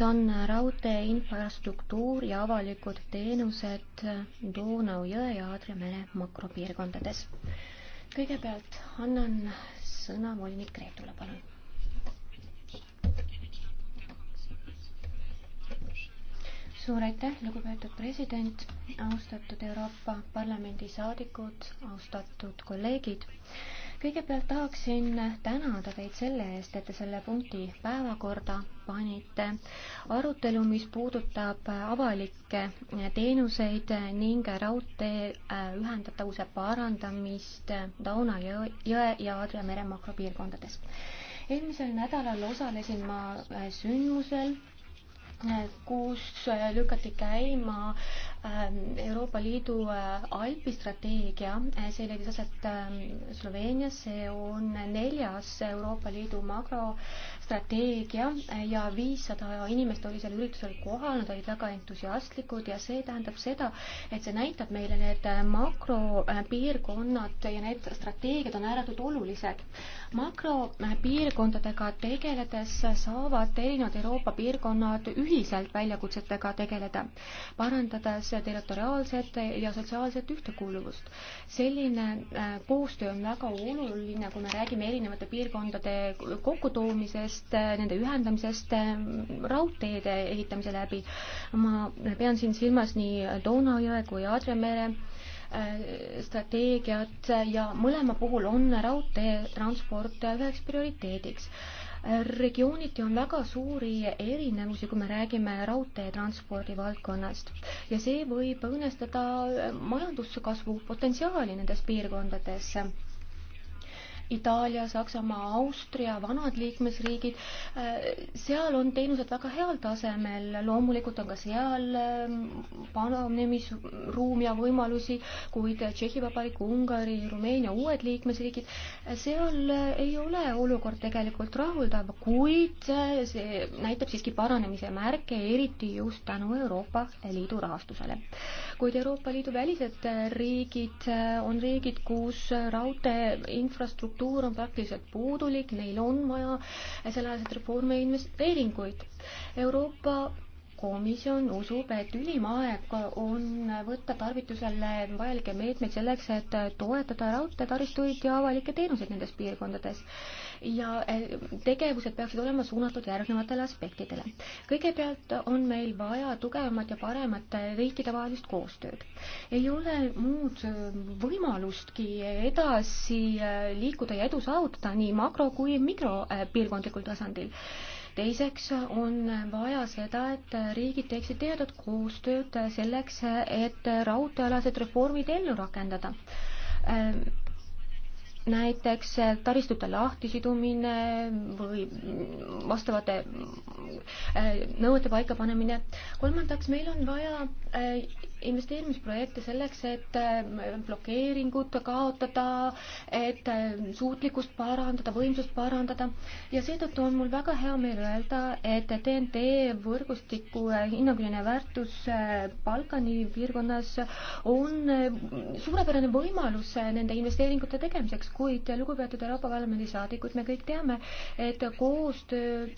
see on raudtee infrastruktuur ja avalikud teenused Donau jõe ja Aadria mere makropiirkondades. kõigepealt annan sõna volinik Reetule, palun. suur aitäh, lugupeetud president, austatud Euroopa Parlamendi saadikud, austatud kolleegid kõigepealt tahaksin tänada teid selle eest, et te selle punkti päevakorda panite. arutelu, mis puudutab avalikke teenuseid ning raudtee ühendatavuse parandamist Dauna jõe, jõe ja Adria mere makropiirkondades. eelmisel nädalal osalesin ma sündmusel kus lükati käima Ähm, Euroopa Liidu äh, alpistrateegia, äh, see leidis aset ähm, Sloveenias, see on neljas Euroopa Liidu makrostrateegia äh, ja viissada inimest oli seal üritusel kohal, nad olid väga entusiastlikud ja see tähendab seda, et see näitab meile need makropiirkonnad ja need strateegiad on ääretult olulised. makropiirkondadega tegeledes saavad erinevad Euroopa piirkonnad ühiselt väljakutsetega tegeleda, parandades territoriaalset ja sotsiaalset ühtekuuluvust. selline koostöö äh, on väga oluline, kui me räägime erinevate piirkondade kokkutoomisest, äh, nende ühendamisest äh, raudteede ehitamise läbi. ma pean siin silmas nii Donau jõe kui Adria mere strateegiat ja mõlema puhul on raudteetransport üheks prioriteediks regiooniti on väga suuri erinevusi, kui me räägime raudteetranspordi valdkonnast ja see võib õõnestada majanduskasvu potentsiaali nendes piirkondades Itaalia, Saksamaa, Austria, vanad liikmesriigid, äh, seal on teenused väga heal tasemel, loomulikult on ka seal ähm, panemisruumi ja võimalusi, kuid Tšehhi Vabariik, Ungari, Rumeenia, uued liikmesriigid, äh, seal äh, ei ole olukord tegelikult rahuldav, kuid see näitab siiski paranemise märke, eriti just tänu Euroopa Liidu rahastusele. kuid Euroopa Liidu välised riigid on riigid, kus raudtee infrastruktuur kultuur on praktiliselt puudulik, neil on vaja selleajaseid reforme ja investeeringuid. Euroopa komisjon usub, et ülim aeg on võtta tarvitusele vajalikke meetmeid selleks, et toetada raudteetaristuid ja avalikke teenuseid nendes piirkondades. ja eh, tegevused peaksid olema suunatud järgnevatele aspektidele. kõigepealt on meil vaja tugevamat ja paremat riikidevahelist koostööd. ei ole muud võimalustki edasi eh, liikuda ja edu saavutada nii makro- kui mikropiirkondlikul tasandil teiseks on vaja seda, et riigid teeksid tihedat koostööd selleks, et raudteealased reformid ellu rakendada ehm, näiteks taristute lahtisidumine või vastavate ehm, nõuete paikapanemine. kolmandaks, meil on vaja ehm, investeerimisprojekte selleks, et äh, blokeeringut kaotada, et äh, suutlikkust parandada, võimsust parandada ja seetõttu on mul väga hea meel öelda, et TNT võrgustiku äh, hinnanguline väärtus Balkani piirkonnas on suurepärane võimalus nende investeeringute tegemiseks, kuid lugupeetud Euroopa Parlamendi saadikud, me kõik teame, et koostöö,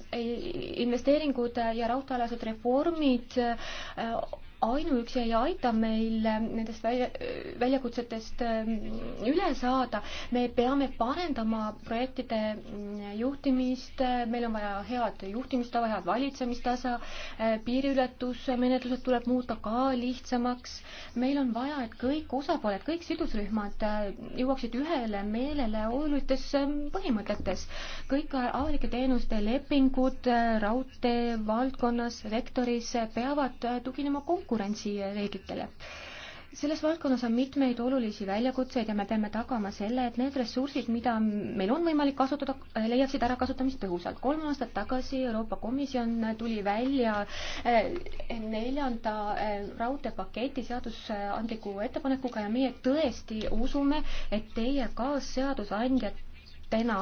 investeeringud ja raudteealased reformid ainuüksi ei aita meil äh, nendest välja, äh, väljakutsetest ähm, üle saada. me peame parendama projektide mm, juhtimist, äh, meil on vaja head juhtimistava, head valitsemistasa, piiriületusmenetlused tuleb muuta ka lihtsamaks. meil on vaja, et kõik osapooled, kõik sidusrühmad jõuaksid ühele meelele olulistes ähm, põhimõtetes. kõik avalike teenuste lepingud raudtee valdkonnas, sektoris peavad tuginema konkurentsile konkurentsireeglitele selles valdkonnas on mitmeid olulisi väljakutseid ja me peame tagama selle, et need ressursid, mida meil on võimalik kasutada, leiaksid ärakasutamist tõhusalt. kolm aastat tagasi Euroopa Komisjon tuli välja eh, neljanda eh, raudteepaketi seadusandliku ettepanekuga ja meie tõesti usume, et teie kaasseadusandjad täna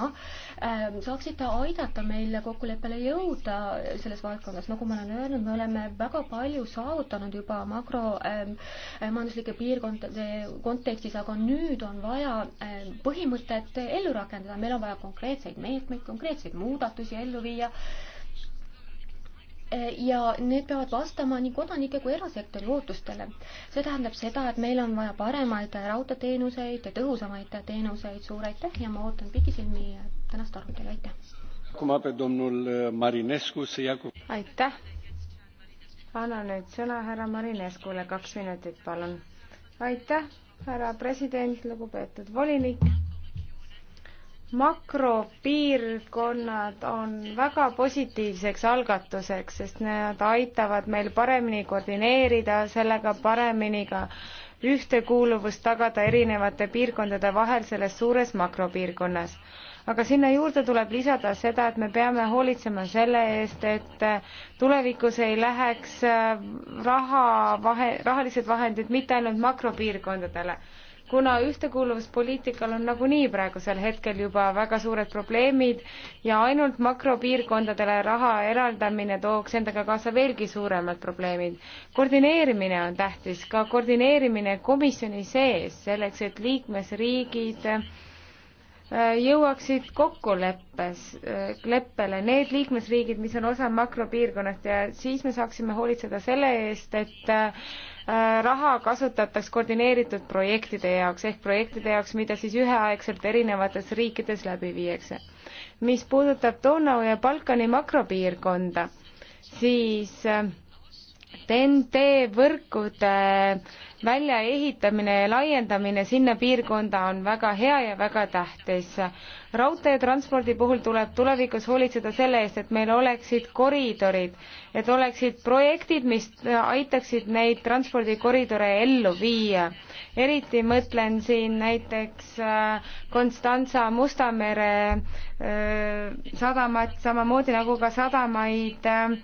ähm, saaksite aidata meil kokkuleppele jõuda selles valdkonnas. nagu ma olen öelnud, me oleme väga palju saavutanud juba makromajanduslike ähm, äh, piirkondade kontekstis, aga nüüd on vaja ähm, põhimõtet ellu rakendada, meil on vaja konkreetseid meetmeid, konkreetseid muudatusi ellu viia ja need peavad vastama nii kodanike kui erasektori ootustele. see tähendab seda, et meil on vaja paremaid raudteeteenuseid ja tõhusamaid teenuseid, suur aitäh ja ma ootan pikisilmi tänast arutelu, aitäh! Äh, aitäh! annan nüüd sõna härra Marineskule, kaks minutit, palun. aitäh, härra president, lugupeetud volinik makropiirkonnad on väga positiivseks algatuseks, sest need aitavad meil paremini koordineerida, sellega paremini ka ühtekuuluvust tagada erinevate piirkondade vahel selles suures makropiirkonnas. aga sinna juurde tuleb lisada seda, et me peame hoolitsema selle eest, et tulevikus ei läheks raha, vahe, rahalised vahendid mitte ainult makropiirkondadele kuna ühtekuuluvuspoliitikal on nagunii praegusel hetkel juba väga suured probleemid ja ainult makropiirkondadele raha eraldamine tooks endaga kaasa veelgi suuremad probleemid. koordineerimine on tähtis, ka koordineerimine komisjoni sees, selleks et liikmesriigid äh, jõuaksid kokkuleppes, äh, leppele need liikmesriigid, mis on osa makropiirkonnast ja siis me saaksime hoolitseda selle eest, et äh, Äh, raha kasutataks koordineeritud projektide jaoks ehk projektide jaoks, mida siis üheaegselt erinevates riikides läbi viiakse. mis puudutab Donau ja Balkani makropiirkonda, siis TNT äh, võrkude äh, väljaehitamine ja laiendamine sinna piirkonda on väga hea ja väga tähtis. raudteetranspordi puhul tuleb tulevikus hoolitseda selle eest, et meil oleksid koridorid, et oleksid projektid, mis aitaksid neid transpordikoridore ellu viia. eriti mõtlen siin näiteks äh, Konstantsa Mustamere äh, sadamat, samamoodi nagu ka sadamaid äh,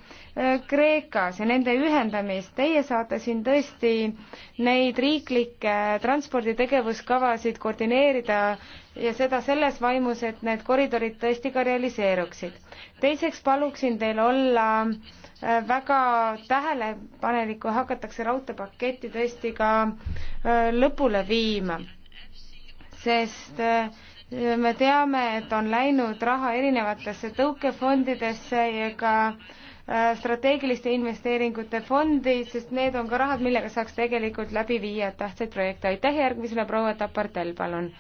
Kreekas ja nende ühendamist. Teie saate siin tõesti neid riiklikke transporditegevuskavasid koordineerida ja seda selles vaimus, et need koridorid tõesti ka realiseeruksid. teiseks paluksin teil olla äh, väga tähelepanelik, kui hakatakse raudteepaketti tõesti ka äh, lõpule viima, sest äh, me teame, et on läinud raha erinevatesse tõukefondidesse ja ka äh, Äh, strateegiliste investeeringute fondi, sest need on ka rahad, millega saaks tegelikult läbi viia tähtsaid projekte. aitäh, järgmisele proua Tapartel, palun.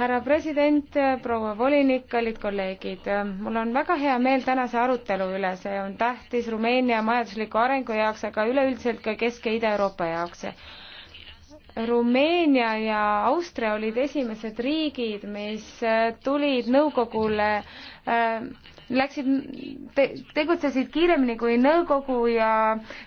härra president, proua volinik, kallid kolleegid, mul on väga hea meel tänase arutelu üle, see on tähtis Rumeenia majandusliku arengu jaoks, aga üleüldiselt ka Kesk- ja Ida-Euroopa jaoks Rumeenia ja Austria olid esimesed riigid, mis tulid nõukogule äh, läksid te,, tegutsesid kiiremini kui nõukogu ja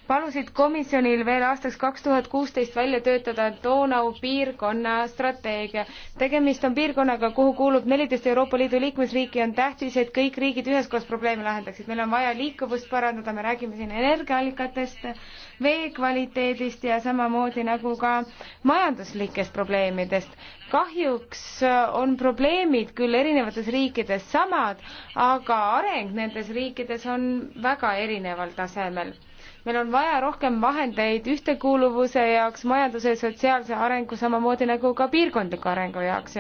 palusid komisjonil veel aastaks kaks tuhat kuusteist välja töötada Donau piirkonna strateegia. tegemist on piirkonnaga, kuhu kuulub neliteist Euroopa Liidu liikmesriiki, on tähtis, et kõik riigid üheskoos probleeme lahendaksid. meil on vaja liikuvust parandada, me räägime siin energiaallikatest, vee kvaliteedist ja samamoodi nagu ka majanduslikest probleemidest kahjuks äh, on probleemid küll erinevates riikides samad, aga areng nendes riikides on väga erineval tasemel. meil on vaja rohkem vahendeid ühtekuuluvuse jaoks, majanduse ja sotsiaalse arengu, samamoodi nagu ka piirkondliku arengu jaoks.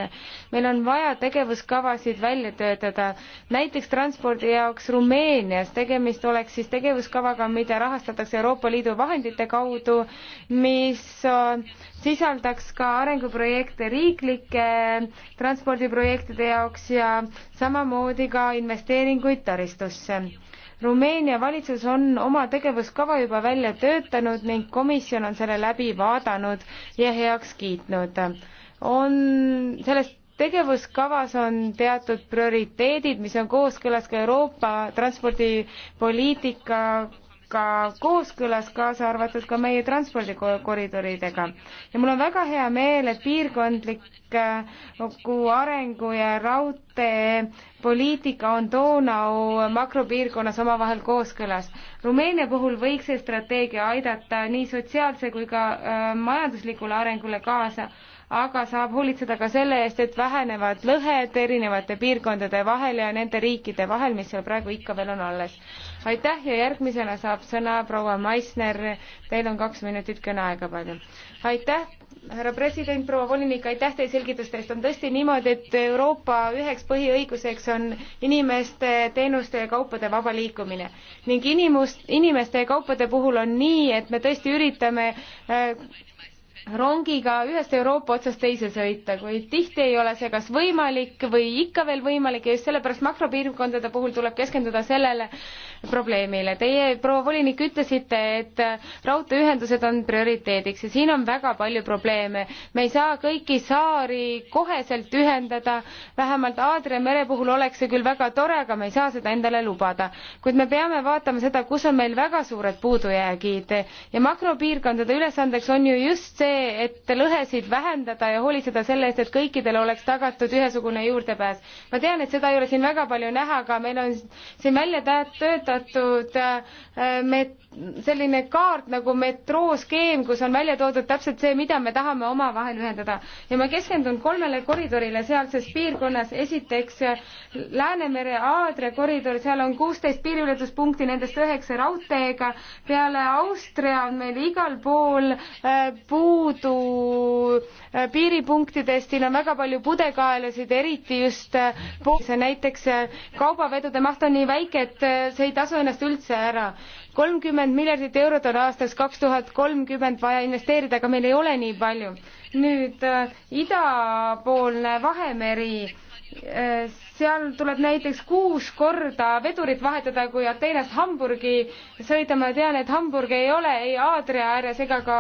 meil on vaja tegevuskavasid välja töötada, näiteks transpordi jaoks Rumeenias, tegemist oleks siis tegevuskavaga, mida rahastatakse Euroopa Liidu vahendite kaudu, mis äh, sisaldaks ka arenguprojekte riiklike transpordiprojektide jaoks ja samamoodi ka investeeringuid taristusse. Rumeenia valitsus on oma tegevuskava juba välja töötanud ning komisjon on selle läbi vaadanud ja heaks kiitnud. on, selles tegevuskavas on teatud prioriteedid, mis on kooskõlas ka Euroopa transpordipoliitika ka kooskõlas, kaasa arvatud ka meie transpordikoridoridega. ja mul on väga hea meel, et piirkondliku äh, arengu ja raudteepoliitika on Donau makropiirkonnas omavahel kooskõlas. Rumeenia puhul võiks see strateegia aidata nii sotsiaalse kui ka äh, majanduslikule arengule kaasa aga saab hoolitseda ka selle eest, et vähenevad lõhed erinevate piirkondade vahel ja nende riikide vahel, mis seal praegu ikka veel on alles. aitäh ja järgmisena saab sõna proua Maisner, teil on kaks minutit kõneaega palju. aitäh, härra president, proua volinik, aitäh teie selgituste eest, on tõesti niimoodi, et Euroopa üheks põhiõiguseks on inimeste, teenuste ja kaupade vaba liikumine. ning inimust, inimeste ja kaupade puhul on nii, et me tõesti üritame äh, rongiga ühest Euroopa otsast teise sõita, kuid tihti ei ole see kas võimalik või ikka veel võimalik ja just sellepärast makropiirkondade puhul tuleb keskenduda sellele probleemile. Teie, proua volinik, ütlesite, et raudteeühendused on prioriteediks ja siin on väga palju probleeme. me ei saa kõiki saari koheselt ühendada, vähemalt Aadria mere puhul oleks see küll väga tore, aga me ei saa seda endale lubada. kuid me peame vaatama seda, kus on meil väga suured puudujäägid ja makropiirkondade ülesandeks on ju just see, see, et lõhesid vähendada ja hoolitseda selle eest, et kõikidele oleks tagatud ühesugune juurdepääs. ma tean, et seda ei ole siin väga palju näha, aga meil on siin välja töötatud äh, met-, selline kaart nagu metrooskeem, kus on välja toodud täpselt see, mida me tahame omavahel ühendada. ja ma keskendun kolmele koridorile sealses piirkonnas, esiteks äh, Läänemere Aadria koridor, seal on kuusteist piiriületuspunkti, nendest üheksa raudteega, peale Austria on meil igal pool äh, puu puudu äh, piiripunktidest, siin on väga palju pudekaelasid, eriti just äh, näiteks äh, kaubavedude maht on nii väike, et see ei tasu ennast üldse ära. kolmkümmend miljardit eurot on aastaks kaks tuhat kolmkümmend vaja investeerida, aga meil ei ole nii palju. nüüd idapoolne Vahemeri seal tuleb näiteks kuus korda vedurit vahetada, kui Ateenast Hamburgi sõita, ma tean, et Hamburg ei ole ei Aadria ääres ega ka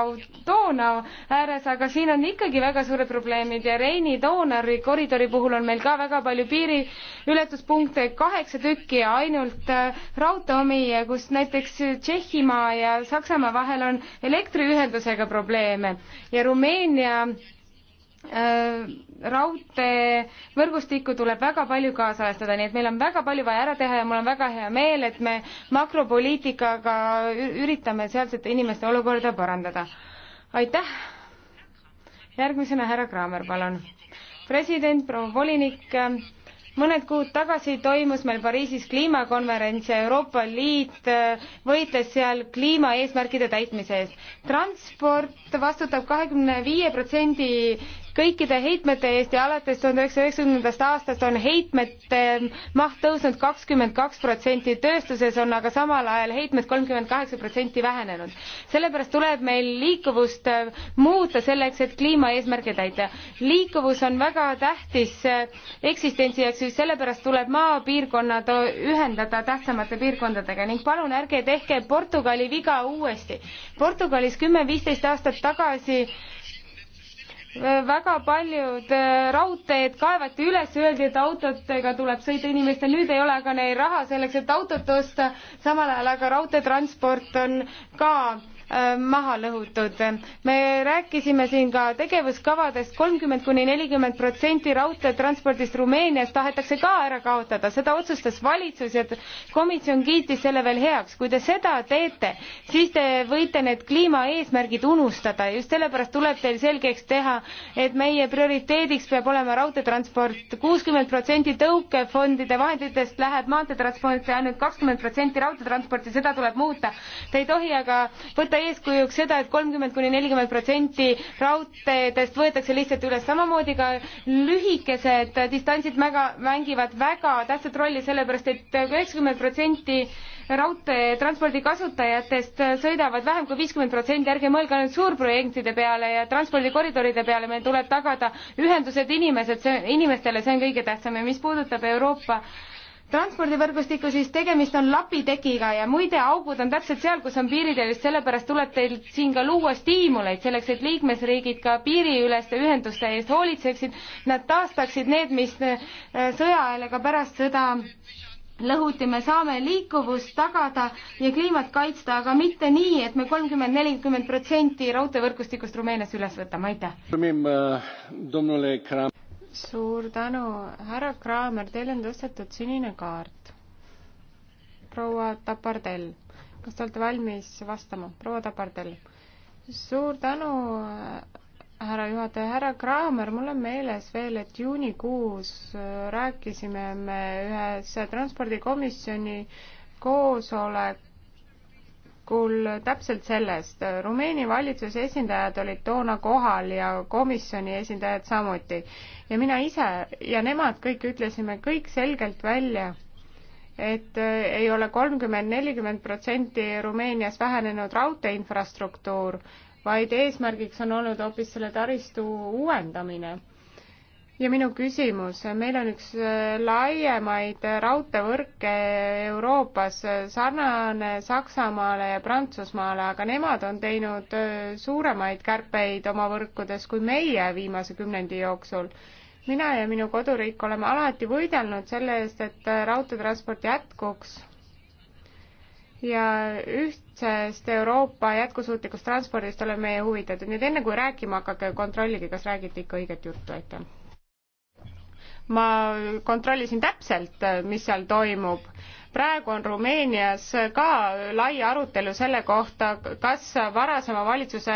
Donau ääres, aga siin on ikkagi väga suured probleemid ja Reini-Donari koridori puhul on meil ka väga palju piiriületuspunkte, kaheksa tükki ja ainult äh, raudtee omi, kus näiteks Tšehhimaa ja Saksamaa vahel on elektriühendusega probleeme ja Rumeenia Äh, raudteevõrgustikku tuleb väga palju kaasajastada, nii et meil on väga palju vaja ära teha ja mul on väga hea meel, et me makropoliitikaga üritame sealsete inimeste olukorda parandada. aitäh! järgmisena härra Kraamer, palun. president, proua volinik, äh, mõned kuud tagasi toimus meil Pariisis kliimakonverents ja Euroopa Liit äh, võitles seal kliimaeesmärkide täitmise eest. transport vastutab kahekümne viie protsendi kõikide heitmete eest ja alates tuhande üheksasaja üheksakümnendast aastast on heitmete maht tõusnud kakskümmend kaks protsenti, tööstuses on aga samal ajal heitmed kolmkümmend kaheksa protsenti vähenenud. sellepärast tuleb meil liikuvust äh, muuta selleks, et kliimaeesmärke täita. liikuvus on väga tähtis äh, eksistentsi jaoks, just sellepärast tuleb maapiirkonnad äh, ühendada tähtsamate piirkondadega ning palun ärge tehke Portugali viga uuesti. Portugalis kümme-viisteist aastat tagasi väga paljud äh, raudteed kaevati üles, öeldi, et autodega tuleb sõita inimestel, nüüd ei ole aga neil raha selleks, et autot osta, samal ajal aga raudteetransport on ka Äh, maha lõhutud. me rääkisime siin ka tegevuskavadest, kolmkümmend kuni nelikümmend protsenti raudteetranspordist Rumeenias tahetakse ka ära kaotada, seda otsustas valitsus ja komisjon kiitis selle veel heaks. kui te seda teete, siis te võite need kliimaeesmärgid unustada ja just sellepärast tuleb teil selgeks teha, et meie prioriteediks peab olema raudteetransport, kuuskümmend protsenti tõukefondide vahenditest läheb maanteetransporti, ainult kakskümmend protsenti raudteetransporti, seda tuleb muuta. Te ei tohi aga võtta võtta eeskujuks seda et kolmkümmend kuni nelikümmend protsenti raudteedest võetakse lihtsalt üles samamoodi ka lühikesed distantsid mäga, mängivad väga tähtsat rolli sellepärast et üheksakümmend protsenti raudteetranspordi kasutajatest sõidavad vähem kui viiskümmend protsenti, ärge mõelge ainult suurprojektide peale ja transpordikoridoride peale, meil tuleb tagada ühendused inimesed, see, inimestele, see on kõige tähtsam ja mis puudutab Euroopa äh, transpordivõrgustiku, siis tegemist on lapitekiga ja muide, augud on täpselt seal, kus on piirid ja just sellepärast tuleb teil siin ka luua stiimuleid selleks, et liikmesriigid ka piiriüleste ühenduste eest hoolitseksid, nad taastaksid need, mis äh, sõja ajal ega pärast sõda lõhuti, me saame liikuvust tagada ja kliimat kaitsta, aga mitte nii, et me kolmkümmend, nelikümmend protsenti raudteevõrgustikust Rumeenias üles võtame, aitäh. Äh, suur tänu, härra Kraamer, teil on tõstetud sinine kaart. proua Tapardell, kas te olete valmis vastama? proua Tapardell, suur tänu, härra juhataja, härra Kraamer, mul on meeles veel, et juunikuus rääkisime me ühes transpordikomisjoni koosolek hommikul täpselt sellest. Rumeenia valitsuse esindajad olid toona kohal ja komisjoni esindajad samuti. ja mina ise ja nemad kõik ütlesime kõik selgelt välja, et ei ole kolmkümmend, nelikümmend protsenti Rumeenias vähenenud raudteeinfrastruktuur, vaid eesmärgiks on olnud hoopis selle taristu uuendamine ja minu küsimus, meil on üks äh, laiemaid raudteevõrke Euroopas, äh, sarnane Saksamaale ja Prantsusmaale, aga nemad on teinud äh, suuremaid kärpeid oma võrkudes kui meie viimase kümnendi jooksul. mina ja minu koduriik oleme alati võidelnud selle eest, et raudteetransport jätkuks ja ühtsest Euroopa jätkusuutlikust transpordist oleme meie huvitatud, nii et enne kui rääkima hakake, kontrollige, kas räägite ikka õiget juttu, aitäh! ma kontrollisin täpselt, mis seal toimub praegu on Rumeenias ka lai arutelu selle kohta, kas varasema valitsuse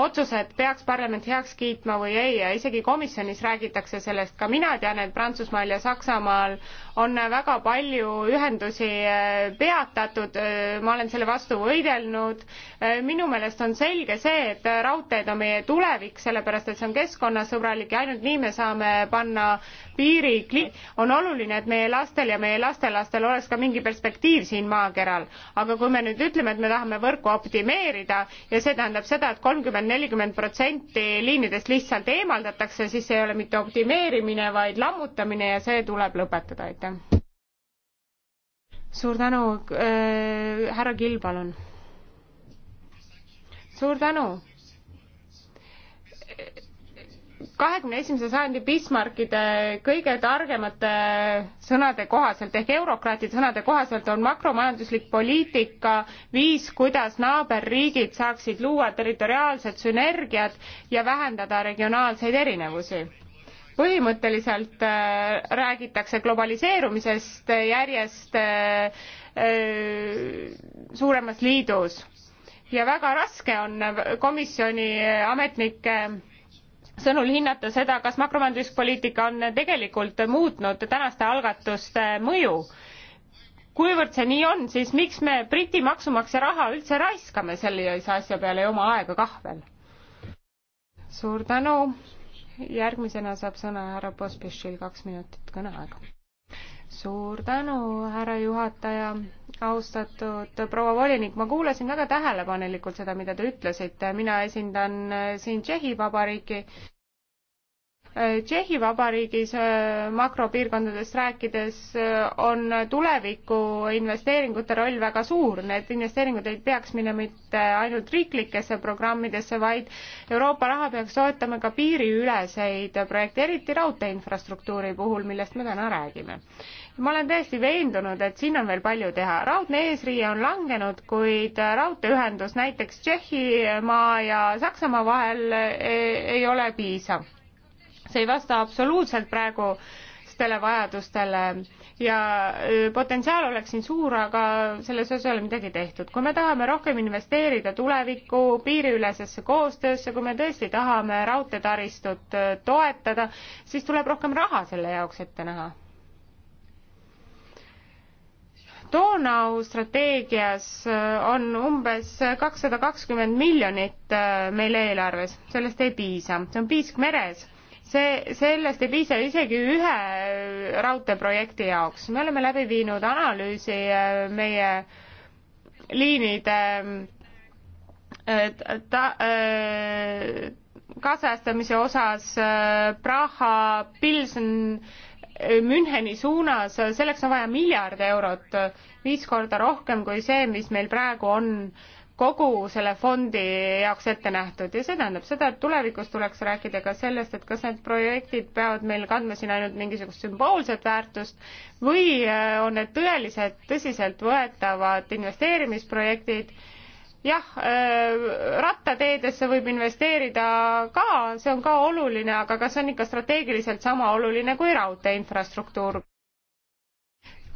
otsused peaks parlament heaks kiitma või ei ja isegi komisjonis räägitakse sellest, ka mina tean, et Prantsusmaal ja Saksamaal on väga palju ühendusi eh, peatatud, eh, ma olen selle vastu võidelnud. Eh, minu meelest on selge see, et raudteed on meie tulevik, sellepärast et see on keskkonnasõbralik ja ainult nii me saame panna piiri, on oluline, et meie lastel ja meie lastelastel oleks ka mingi mingi perspektiiv siin maakeral. aga kui me nüüd ütleme, et me tahame võrku optimeerida ja see tähendab seda et, et kolmkümmend, nelikümmend protsenti liinidest lihtsalt eemaldatakse, siis see ei ole mitte optimeerimine, vaid lammutamine ja see tuleb lõpetada, aitäh. suur tänu äh,, härra Kill, palun. suur tänu kahekümne esimese sajandi Bismarckide kõige targemate sõnade kohaselt ehk eurokraatide sõnade kohaselt on makromajanduslik poliitika viis, kuidas naaberriigid saaksid luua territoriaalsed sünergiad ja vähendada regionaalseid erinevusi. põhimõtteliselt äh, räägitakse globaliseerumisest järjest äh, äh, suuremas liidus ja väga raske on komisjoni ametnike sõnul hinnata seda, kas makromajanduspoliitika on tegelikult muutnud tänaste algatuste mõju. kuivõrd see nii on, siis miks me Briti maksumaksja raha üldse raiskame sellise asja peale ja oma aega kah veel? suur tänu. järgmisena saab sõna härra Pospišil kaks minutit kõneaega. suur tänu, härra juhataja austatud proua volinik, ma kuulasin väga tähelepanelikult seda, mida te ütlesite, mina esindan äh, siin Tšehhi Vabariiki Äh, Tšehhi Vabariigis äh, makropiirkondadest rääkides äh, on tuleviku investeeringute roll väga suur, need investeeringud ei peaks minema mitte ainult riiklikesse programmidesse, vaid Euroopa raha peaks toetama ka piiriüleseid projekte, eriti raudteeinfrastruktuuri puhul, millest me täna räägime. ma olen täiesti veendunud, et siin on veel palju teha, raudne eesriie on langenud, kuid raudteeühendus näiteks Tšehhimaa ja Saksamaa vahel ei ole piisav see ei vasta absoluutselt praegustele vajadustele ja potentsiaal oleks siin suur, aga selles osas ei ole midagi tehtud. kui me tahame rohkem investeerida tulevikku, piiriülesesse koostöösse, kui me tõesti tahame raudteetaristut toetada, siis tuleb rohkem raha selle jaoks ette näha Donau strateegias on umbes kakssada kakskümmend miljonit meil eelarves, sellest ei piisa, see on piisk meres see, sellest ei piisa isegi ühe raudteeprojekti jaoks. me oleme läbi viinud analüüsi äh, meie liinide äh, äh, ta-, kaasajastamise osas Praha, Pilsen, Müncheni suunas, selleks on vaja miljard eurot, viis korda rohkem kui see, mis meil praegu on äh, kogu selle fondi jaoks ette nähtud ja see tähendab seda, et tulevikus tuleks rääkida ka sellest, et kas need projektid peavad meil kandma siin ainult mingisugust sümboolset väärtust või äh, on need tõelised, tõsiseltvõetavad investeerimisprojektid jah, äh, rattateedesse võib investeerida ka, see on ka oluline, aga kas on ikka strateegiliselt sama oluline kui raudtee infrastruktuur?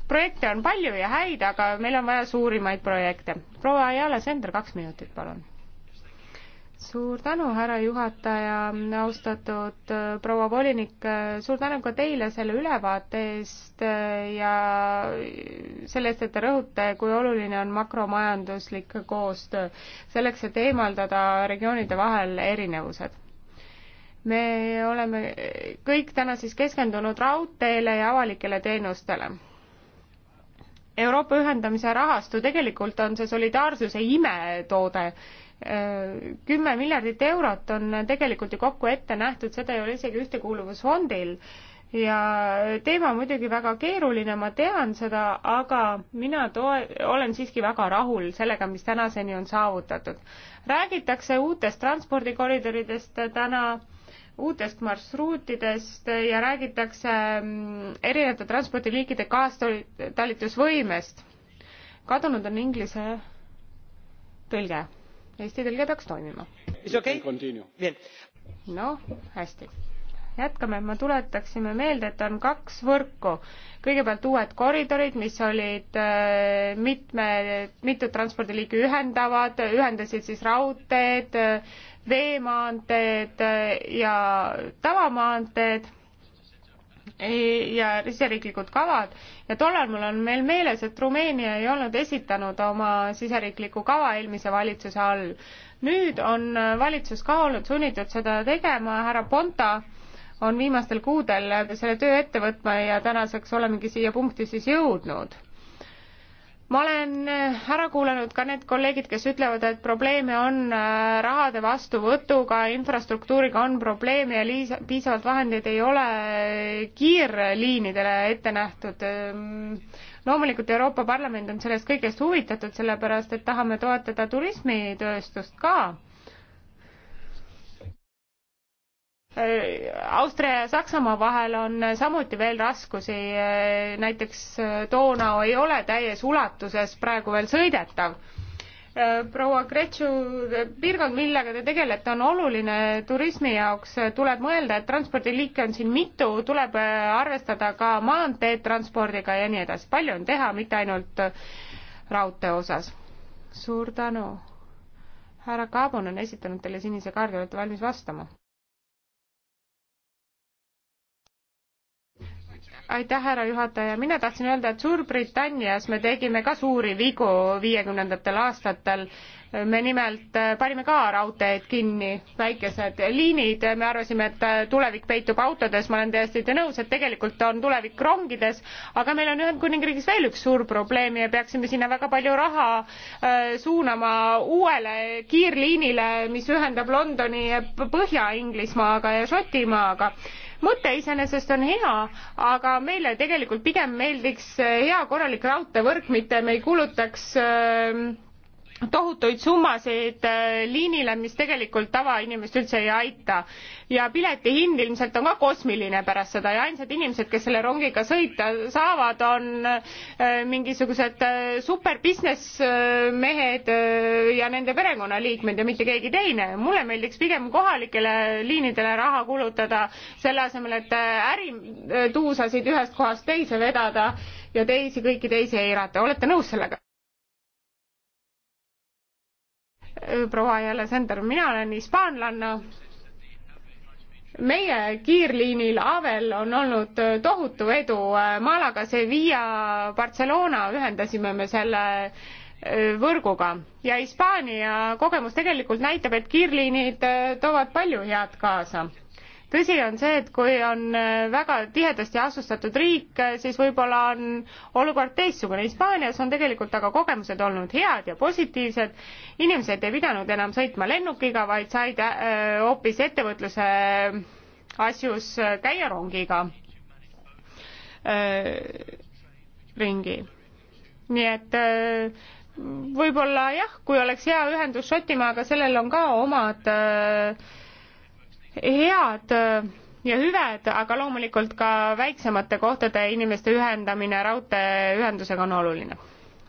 projekte on palju ja häid, aga meil on vaja suurimaid projekte. proua Ayala Sender, kaks minutit, palun. suur tänu, härra juhataja, austatud äh, proua volinik, suur tänu ka teile selle ülevaate eest äh, ja selle eest, et te rõhute, kui oluline on makromajanduslik koostöö selleks, et eemaldada regioonide vahel erinevused me oleme kõik täna siis keskendunud raudteele ja avalikele teenustele Euroopa ühendamise rahastu, tegelikult on see solidaarsuse imetoode. kümme miljardit eurot on tegelikult ju kokku ette nähtud, seda ei ole isegi Ühtekuuluvusfondil ja teema on muidugi väga keeruline, ma tean seda, aga mina toe-, olen siiski väga rahul sellega, mis tänaseni on saavutatud. räägitakse uutest transpordikoridoridest täna uutest marsruutidest ja räägitakse mm, erinevate transpordiliikide kaastalitusvõimest. kadunud on inglise tõlge. Eesti tõlge peaks toimima. noh, hästi jätkame, ma tuletaksime meelde, et on kaks võrku. kõigepealt uued koridorid, mis olid äh, mitme, mitut transpordiliiki ühendavad, ühendasid siis raudteed, veemaanteed äh, ja tavamaanteed e, ja siseriiklikud kavad ja tollal mul on veel meeles, et Rumeenia ei olnud esitanud oma siseriiklikku kava eelmise valitsuse all. nüüd on valitsus ka olnud sunnitud seda tegema, härra Ponta on viimastel kuudel selle töö ette võtma ja tänaseks olemegi siia punkti siis jõudnud. ma olen äh, ära kuulanud ka need kolleegid, kes ütlevad, et probleeme on äh, rahade vastuvõtuga, infrastruktuuriga on probleeme ja liis-, piisavalt vahendeid ei ole äh, kiirliinidele ette nähtud ehm, loomulikult Euroopa Parlament on sellest kõigest huvitatud, sellepärast et tahame toetada turismitööstust ka Äh, Austria ja Saksamaa vahel on samuti veel raskusi, äh, näiteks Donau äh, ei ole täies ulatuses praegu veel sõidetav. proua Gretšu, piirkond, millega te tegelete, on oluline turismi jaoks, tuleb mõelda, et transpordiliike on siin mitu, tuleb arvestada ka maanteed transpordiga ja nii edasi, palju on teha, mitte ainult raudtee osas. suur tänu! härra Kaabon on esitanud teile sinise kaardi, olete valmis vastama? aitäh, härra juhataja, mina tahtsin öelda, et Suurbritannias me tegime ka suuri vigu viiekümnendatel aastatel. me nimelt äh, panime ka raudteed kinni, väikesed liinid, me arvasime, et äh, tulevik peitub autodes, ma olen täiesti nõus, et tegelikult on tulevik rongides, aga meil on Ühendkuningriigis veel üks suur probleem ja peaksime sinna väga palju raha äh, suunama uuele kiirliinile, mis ühendab Londoni Põhja-Inglismaaga ja Šotimaaga mõte iseenesest on hea, aga meile tegelikult pigem meeldiks hea korralik raudteevõrk, mitte me ei kulutaks äh, tohutuid summasid äh, liinile, mis tegelikult tavainimest üldse ei aita. ja piletihind ilmselt on ka kosmiline pärast seda ja ainsad inimesed, kes selle rongiga sõita saavad, on äh, mingisugused äh, super business mehed ja nende perekonnaliikmed ja mitte keegi teine. mulle meeldiks pigem kohalikele liinidele raha kulutada, selle asemel, et ärituusasid ühest kohast teise vedada ja teisi, kõiki teisi eirata. olete nõus sellega? proua Jelle Sender, mina olen hispaanlanna. meie kiirliinil Avel on olnud tohutu edu, Malaga, Sevilla, Barcelona ühendasime me selle äh, võrguga ja Hispaania kogemus tegelikult näitab, et kiirliinid äh, toovad palju head kaasa tõsi on see, et kui on äh, väga tihedasti asustatud riik, äh, siis võib-olla on olukord teistsugune. Hispaanias on tegelikult aga kogemused olnud head ja positiivsed. inimesed ei pidanud enam sõitma lennukiga, vaid said äh, hoopis ettevõtluse asjus käia rongiga ringi. nii et võib-olla jah, kui oleks hea ühendus Šotimaaga, sellel on ka omad öö, head äh, ja hüved, aga loomulikult ka väiksemate kohtade inimeste ühendamine raudteeühendusega on oluline.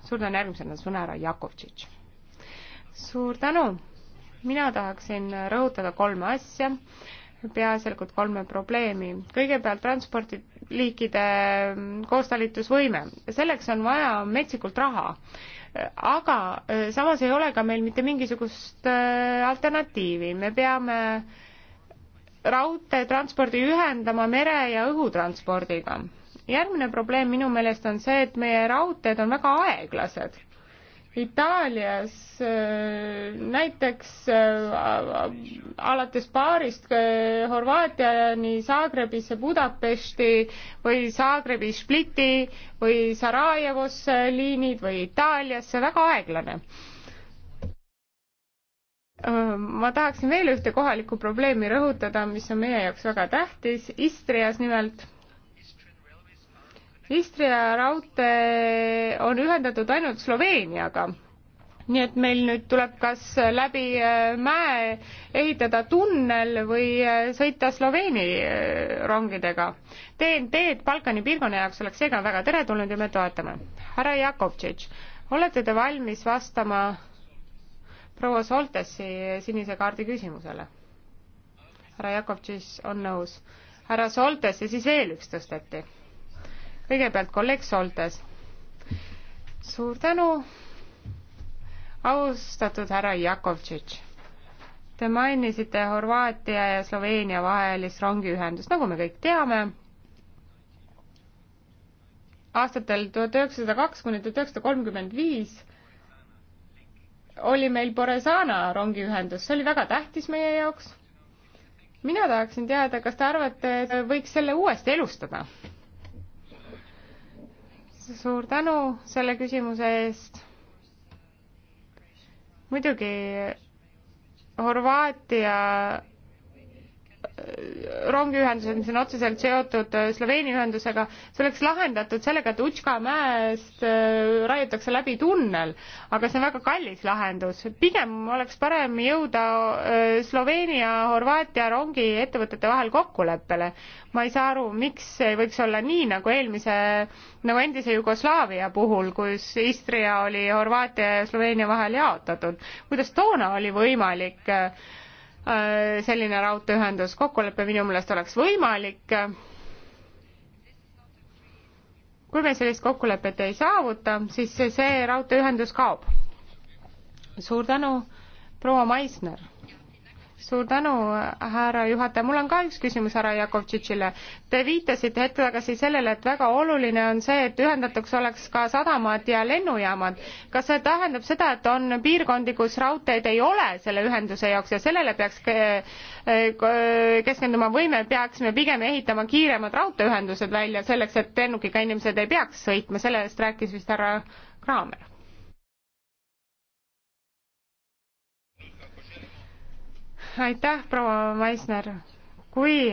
suur tänu, järgmisena Sunera Jakovtšitš. suur tänu, mina tahaksin rõhutada kolme asja, peaasjalikult kolme probleemi. kõigepealt transpordiliikide koostalitusvõime, selleks on vaja metsikult raha aga äh, samas ei ole ka meil mitte mingisugust äh, alternatiivi, me peame äh, raudteetranspordi ühendama mere- ja õhutranspordiga. järgmine probleem minu meelest on see, et meie raudteed on väga aeglased. Itaalias äh, näiteks äh, alates paarist äh, Horvaatiani Zagrebisse Budapesti või Zagrebi Spliti või Sarajevosse liinid või Itaaliasse, väga aeglane ma tahaksin veel ühte kohalikku probleemi rõhutada, mis on meie jaoks väga tähtis, Istrias nimelt. Istria raudtee on ühendatud ainult Sloveeniaga. nii et meil nüüd tuleb kas läbi mäe ehitada tunnel või sõita Sloveeni rongidega. TNT-d Balkani piirkonna jaoks oleks seega väga teretulnud ja me toetame. härra Jakovtšitš, olete te valmis vastama proua Soltesi sinise kaardi küsimusele. härra Jakovtšiš on nõus. härra Soltes ja siis veel üks tõsteti. kõigepealt kolleeg Soltes. suur tänu, austatud härra Jakovtšiš. Te mainisite Horvaatia ja Sloveenia vahelist rongiühendust, nagu me kõik teame aastatel tuhat üheksasada kaks kuni tuhat üheksasada kolmkümmend viis oli meil Boresana rongiühendus, see oli väga tähtis meie jaoks. mina tahaksin teada, kas te arvate, et võiks selle uuesti elustada? suur tänu selle küsimuse eest. muidugi Horvaatia rongiühendused, mis on otseselt seotud äh, Sloveenia ühendusega, see oleks lahendatud sellega, et Utška mäest äh, raiutakse läbi tunnel, aga see on väga kallis lahendus. pigem oleks parem jõuda äh, Sloveenia-Horvaatia rongiettevõtete vahel kokkuleppele. ma ei saa aru, miks ei võiks olla nii, nagu eelmise, nagu endise Jugoslaavia puhul, kus Istria oli Horvaatia ja Sloveenia vahel jaotatud. kuidas toona oli võimalik äh, Äh, selline raudteeühendus, kokkulepe minu meelest oleks võimalik. kui me sellist kokkulepet ei saavuta, siis see raudteeühendus kaob. suur tänu, proua Maisner suur tänu, härra juhataja, mul on ka üks küsimus härra Jakovtšitšile. Te viitasite hetk tagasi sellele, et väga oluline on see, et ühendatuks oleks ka sadamad ja lennujaamad. kas see tähendab seda, et on piirkondi, kus raudteed ei ole selle ühenduse jaoks ja sellele peaks keskenduma või me peaksime pigem ehitama kiiremad raudteeühendused välja selleks, et lennukiga inimesed ei peaks sõitma, selle eest rääkis vist härra Kraamer aitäh, proua Maisner. kui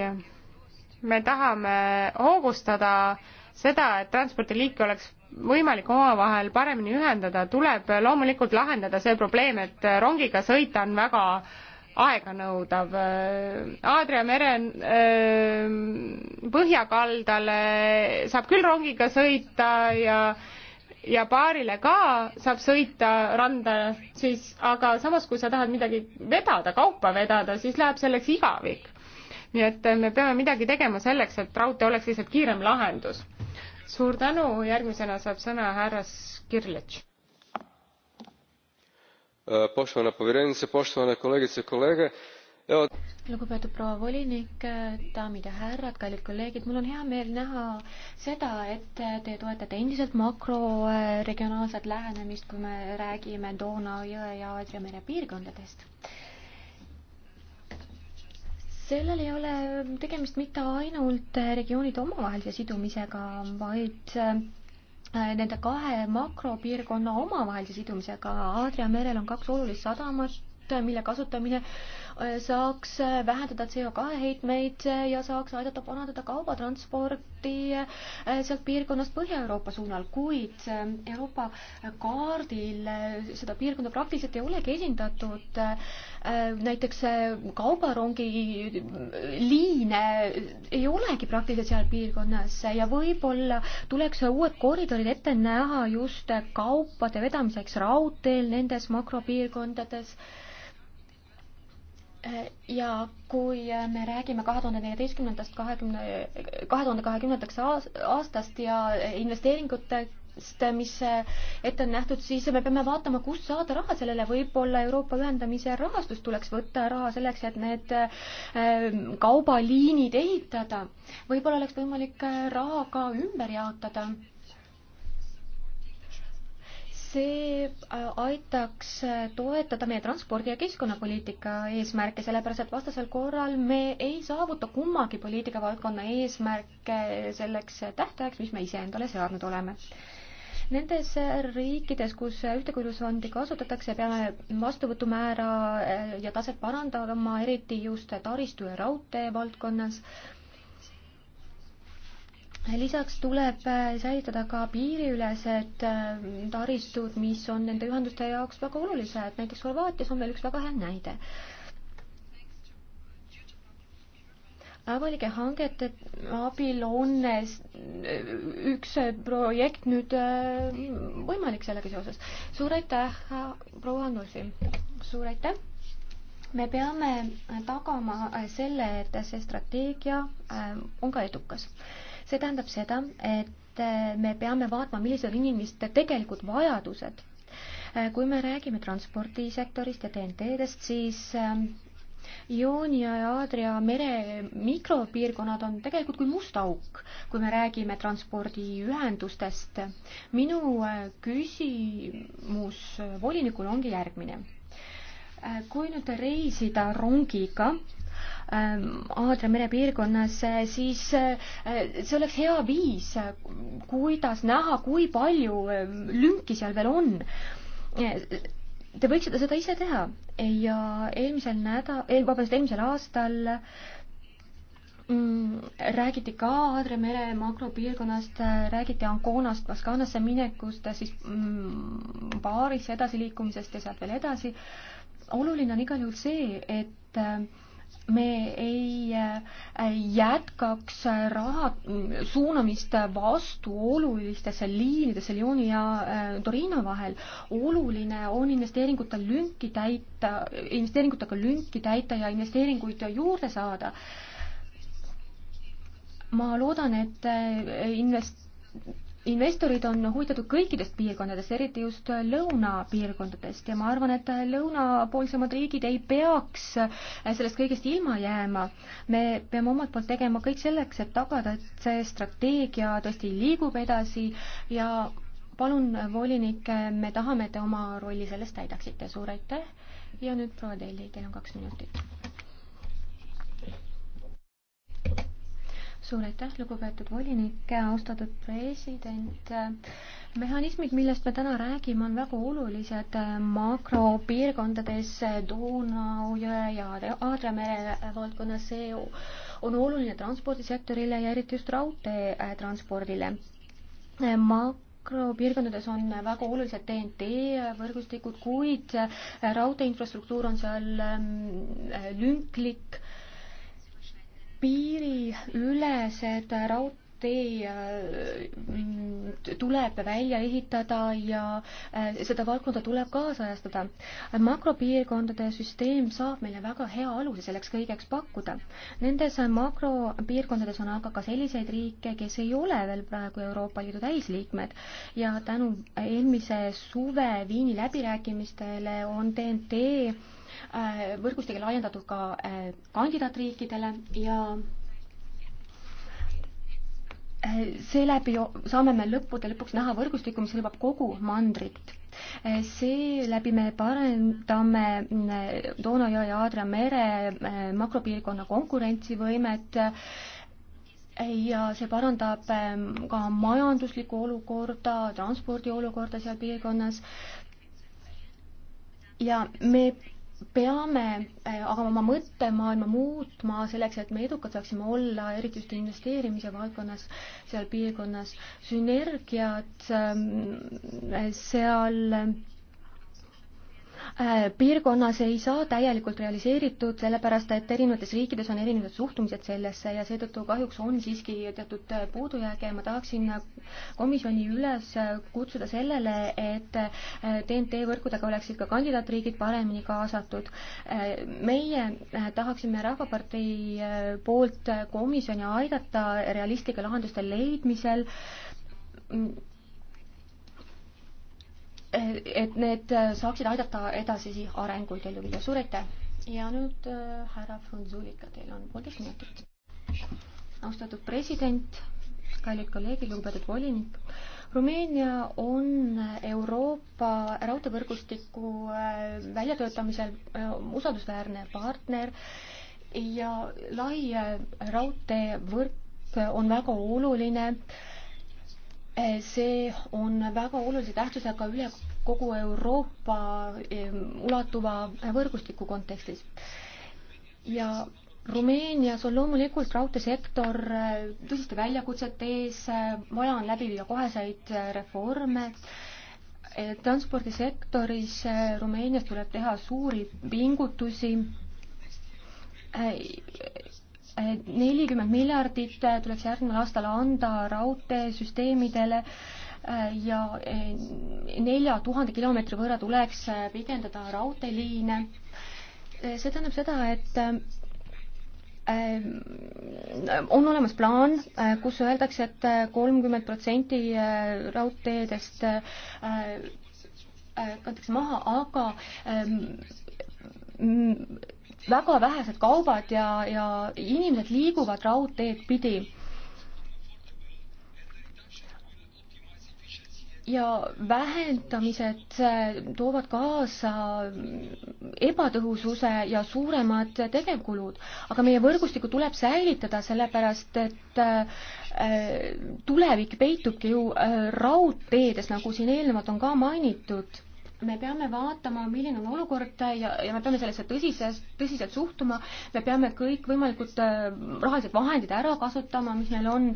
me tahame hoogustada seda, et transpordiliike oleks võimalik omavahel paremini ühendada, tuleb loomulikult lahendada see probleem, et rongiga sõita on väga aeganõudav. Aadria mere ehm, põhjakaldale saab küll rongiga sõita ja ja baarile ka saab sõita randa, siis aga samas, kui sa tahad midagi vedada, kaupa vedada, siis läheb selleks igavik. nii et me peame midagi tegema selleks, et raudtee oleks lihtsalt kiirem lahendus. suur tänu, järgmisena saab sõna härra Skirlitš. Poštovana povjerenice, poštovane kolegice i kolege, lugupeetud proua volinik, daamid ja härrad, kallid kolleegid, mul on hea meel näha seda, et te toetate endiselt makroregionaalset lähenemist, kui me räägime Donau jõe ja Aadria mere piirkondadest sellel ei ole tegemist mitte ainult regioonide omavahelise sidumisega, vaid äh, nende kahe makropiirkonna omavahelise sidumisega. Aadria merel on kaks olulist sadamat, mille kasutamine saaks vähendada CO2 heitmeid ja saaks aidata parandada kaubatransporti sealt piirkonnast Põhja-Euroopa suunal, kuid Euroopa kaardil seda piirkonda praktiliselt ei olegi esindatud. näiteks kaubarongi liine ei olegi praktiliselt seal piirkonnas ja võib-olla tuleks uued koridorid ette näha just kaupade vedamiseks raudteel nendes makropiirkondades ja kui me räägime kahe tuhande neljateistkümnendast kahekümne, kahe tuhande kahekümnendaks aastast ja investeeringutest, mis ette on nähtud, siis me peame vaatama, kust saada raha sellele, võib-olla Euroopa ühendamise rahastust tuleks võtta raha selleks, et need ähm, kaubaliinid ehitada. võib-olla oleks võimalik äh, raha ka ümber jaotada see äh, aitaks äh, toetada meie transpordi- ja keskkonnapoliitika eesmärke, sellepärast et vastasel korral me ei saavuta kummagi poliitikavaldkonna eesmärke selleks tähtajaks, mis me iseendale seadnud oleme. Nendes äh, riikides, kus ühtekuuluvusfondi kasutatakse, peame vastuvõtumäära ja taset parandama, eriti just taristu ja raudtee valdkonnas lisaks tuleb äh, säilitada ka piiriülesed äh, taristud, mis on nende ühenduste jaoks väga olulised, näiteks Horvaatias on meil üks väga hea näide avalike hangete abil on äh, üks projekt nüüd võimalik sellega seoses. suur aitäh, proua Annusi, suur aitäh. me peame tagama selle, et see strateegia on ka edukas see tähendab seda, et äh, me peame vaatama, millised on inimeste tegelikud vajadused. Äh, kui me räägime transpordisektorist ja TNT-dest, siis Ioonia äh, ja Aadria mere mikropiirkonnad on tegelikult kui must auk, kui me räägime transpordiühendustest. minu küsimus volinikule ongi järgmine. kui nüüd reisida rongiga Ähm, Aadria mere piirkonnas, äh, siis äh, see oleks hea viis, äh, kuidas näha, kui palju ähm, lünki seal veel on. Te võiksite seda ise teha ja eelmisel nädal, vabandust, eelmisel aastal mm, räägiti ka Aadria mere makropiirkonnast, räägiti Anconast, Baskanasse minekust, siis mm, Baarisse edasiliikumisest ja sealt veel edasi. oluline on igal juhul see, et me ei äh, jätkaks raha suunamist vastuolulistesse liinidesse Lyoni ja äh, Torino vahel. oluline on investeeringute lünki täita, investeeringutega lünki täita ja investeeringuid juurde saada. ma loodan, et äh, invest-, investorid on huvitatud kõikidest piirkondadest, eriti just lõunapiirkondadest ja ma arvan, et lõunapoolsemad riigid ei peaks sellest kõigest ilma jääma. me peame omalt poolt tegema kõik selleks, et tagada, et see strateegia tõesti liigub edasi ja palun, volinik, me tahame, et te oma rolli selles täidaksite. suur aitäh ja nüüd proua Telli, teil on kaks minutit suur aitäh, lugupeetud volinik, austatud president. mehhanismid, millest me täna räägime, on väga olulised makropiirkondades Donau jõe ja Aadria mere valdkonnas. see on oluline transpordisektorile ja eriti just raudteetranspordile makropiirkondades on väga olulised TNT võrgustikud, kuid raudteeinfrastruktuur on seal lünklik piiriülesed raudtee äh, tuleb välja ehitada ja äh, seda valdkonda tuleb kaasajastada. makropiirkondade süsteem saab meile väga hea aluse selleks kõigeks pakkuda. Nendes makropiirkondades on aga ka selliseid riike, kes ei ole veel praegu Euroopa Liidu täisliikmed ja tänu eelmise suve Viini läbirääkimistele on TNT Äh, võrgustik laiendatud ka äh, kandidaatriikidele ja äh, seeläbi saame me lõppude lõpuks näha võrgustikku, mis hõlmab kogu mandrit. seeläbi me parendame Doonajõe ja Aadria mere makropiirkonna konkurentsivõimet ja see parandab ähm, ka majanduslikku olukorda, transpordi olukorda seal piirkonnas. ja me peame äh, aga oma mõttemaailma muutma selleks, et me edukad saaksime olla, eriti just investeerimise valdkonnas seal piirkonnas. sünergiad ähm, seal Äh, piirkonnas ei saa täielikult realiseeritud, sellepärast et erinevates riikides on erinevad suhtumised sellesse ja seetõttu kahjuks on siiski teatud äh, puudujääge ja ma tahaksin äh, komisjoni üles kutsuda sellele, et TNT võrkudega oleksid ka kandidaatriigid paremini kaasatud. meie tahaksime Rahvapartei poolt komisjoni aidata realistlike lahenduste leidmisel mm, et need saaksid aidata edasisi arenguid ellu viia. suur aitäh! ja nüüd äh, härra Frunzulika, teil on poolteist minutit. austatud president, kallid kolleegid, lugupeetud volinik. Rumeenia on Euroopa raudteevõrgustiku äh, väljatöötamisel äh, usaldusväärne partner ja lai äh, raudteevõrk on väga oluline äh, Eh, see on väga olulise tähtsusega üle kogu Euroopa eh, ulatuva võrgustiku kontekstis. ja Rumeenias on loomulikult raudteesektor eh, tõsiste väljakutsete ees, vaja on läbi viia koheseid reforme, transpordisektoris Rumeenias tuleb teha suuri pingutusi nelikümmend miljardit tuleks järgneval aastal anda raudteesüsteemidele ja nelja tuhande kilomeetri võrra tuleks pikendada raudteeliine. see tähendab seda, et äh, on olemas plaan, äh, kus öeldakse et, et kolmkümmend protsenti äh, raudteedest kantakse maha, aga ähm, väga vähesed kaubad ja, ja inimesed liiguvad raudteed pidi ja vähendamised äh, toovad kaasa ebatõhususe ja suuremad tegevkulud, aga meie võrgustikku tuleb säilitada, sellepärast et äh, äh, tulevik peitubki ju raudteedes, nagu siin eelnevalt on ka mainitud me peame vaatama, milline on olukord ja, ja me peame sellesse tõsiselt, tõsiselt suhtuma, me peame kõikvõimalikud äh, rahalised vahendid ära kasutama, mis meil on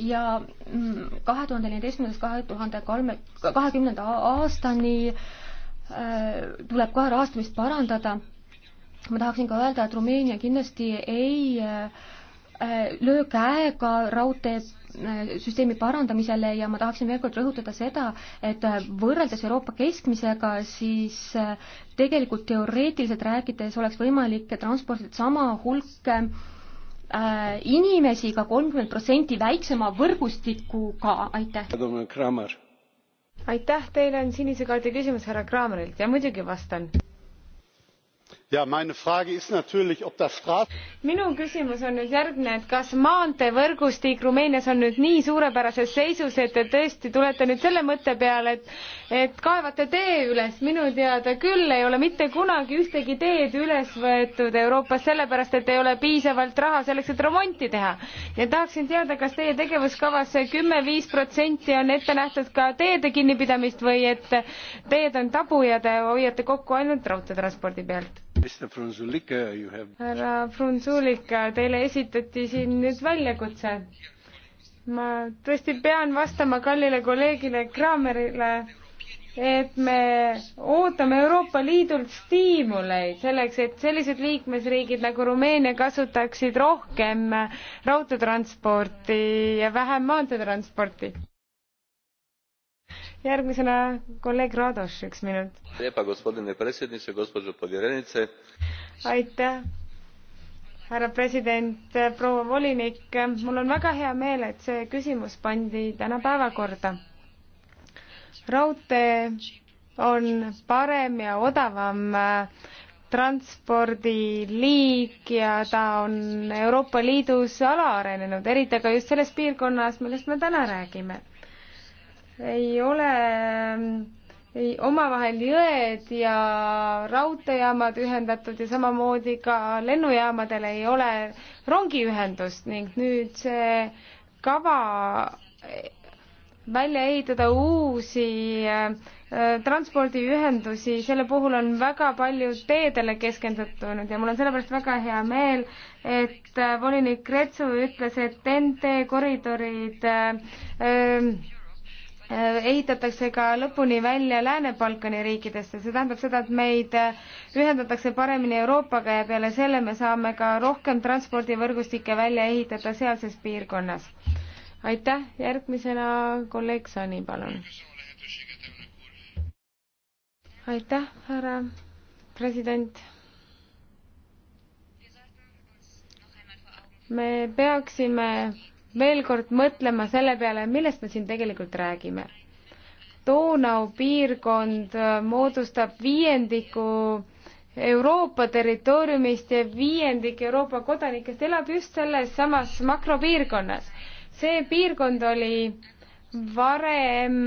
ja mm, kahe tuhande neljateistkümnendast kahe tuhande kolme, kahekümnenda aastani äh, tuleb ka rahastamist parandada. ma tahaksin ka öelda, et Rumeenia kindlasti ei äh, Äh, löö käega raudtee süsteemi parandamisele ja ma tahaksin veel kord rõhutada seda, et äh, võrreldes Euroopa keskmisega, siis äh, tegelikult teoreetiliselt rääkides oleks võimalik transpordilt sama hulk inimesi ka kolmkümmend protsenti väiksema võrgustikuga, aitäh. aitäh, teile on sinise kaardi küsimus härra Kraamerilt ja muidugi vastan minu küsimus on nüüd järgmine et kas maanteevõrgustik rumeenias on nüüd nii suurepärases seisus et te tõesti tulete nüüd selle mõtte peale et et kaevate tee üles minu teada küll ei ole mitte kunagi ühtegi teed üles võetud euroopas sellepärast et ei ole piisavalt raha selleks et remonti teha ja tahaksin teada kas teie tegevuskavas see kümme viis protsenti on ette nähtud ka teede kinnipidamist või et teed on tabu ja te hoiate kokku ainult raudteetranspordi pealt? härra Frunzulika, teile esitati siin nüüd väljakutse. ma tõesti pean vastama kallile kolleegile Kramerile, et me ootame Euroopa Liidult stiimuleid selleks, et sellised liikmesriigid nagu Rumeenia kasutaksid rohkem raudteetransporti ja vähem maanteetransporti järgmisena kolleeg Radoš, üks minut. aitäh, härra president, proua volinik, mul on väga hea meel, et see küsimus pandi täna päevakorda. raudtee on parem ja odavam äh, transpordiliik ja ta on Euroopa Liidus alaarenenud, eriti aga just selles piirkonnas, millest me täna räägime ei ole mm, omavahel jõed ja raudteejaamad ühendatud ja samamoodi ka lennujaamadel ei ole rongiühendust ning nüüd see kava e, välja ehitada uusi e, e, transpordiühendusi, selle puhul on väga palju teedele keskendutud ja mul on sellepärast väga hea meel, et volinik Kretsu ütles, et TNT koridorid äh, äh, Äh, ehitatakse ka lõpuni välja Lääne-Balkani riikidesse, see tähendab seda, et meid äh, ühendatakse paremini Euroopaga ja peale selle me saame ka rohkem transpordivõrgustikke välja ehitada sealses piirkonnas. aitäh, järgmisena kolleeg Sani, palun. aitäh, härra president. me peaksime veel kord mõtlema selle peale, millest me siin tegelikult räägime. Donau piirkond äh, moodustab viiendiku Euroopa territooriumist ja viiendik Euroopa kodanikest elab just selles samas makropiirkonnas. see piirkond oli varem